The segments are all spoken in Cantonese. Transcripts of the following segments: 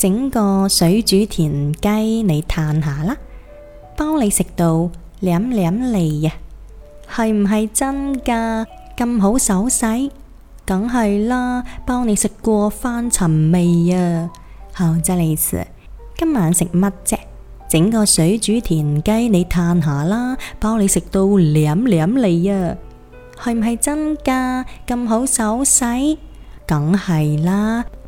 整個水煮田雞你嘆下啦，包你食到舐舐脷呀，係唔係真噶，咁好手勢？梗係啦，包你食過返尋味呀。好，再來一次。今晚食乜啫？整個水煮田雞你嘆下啦，包你食到舐舐脷呀，係唔係真噶，咁好手勢？梗係啦。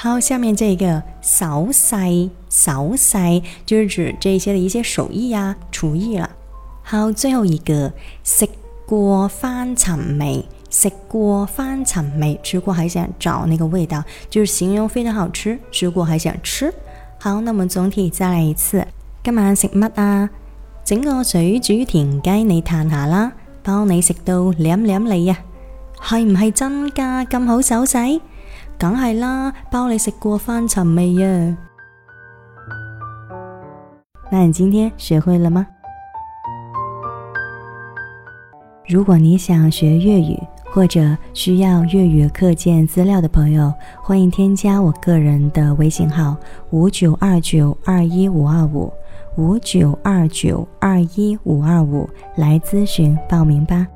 好，下面這個手勢手勢，就是指這些的一些手藝呀、啊、廚藝了。好，最後一個食過返尋味，食過返尋味，吃過還想找那個味道，就是形容非常好吃，吃過還想吃。好，那我們總體再來一次。今晚食乜啊？整個水煮田雞，你嘆下啦，包你食到舐舐脷呀，係唔係真噶？咁好手勢？梗係啦，包你食過返尋味啊！那你今天學會了嗎？如果你想學粵語或者需要粵語課件資料的朋友，歡迎添加我個人的微信號五九二九二一五二五五九二九二一五二五來諮詢報名吧。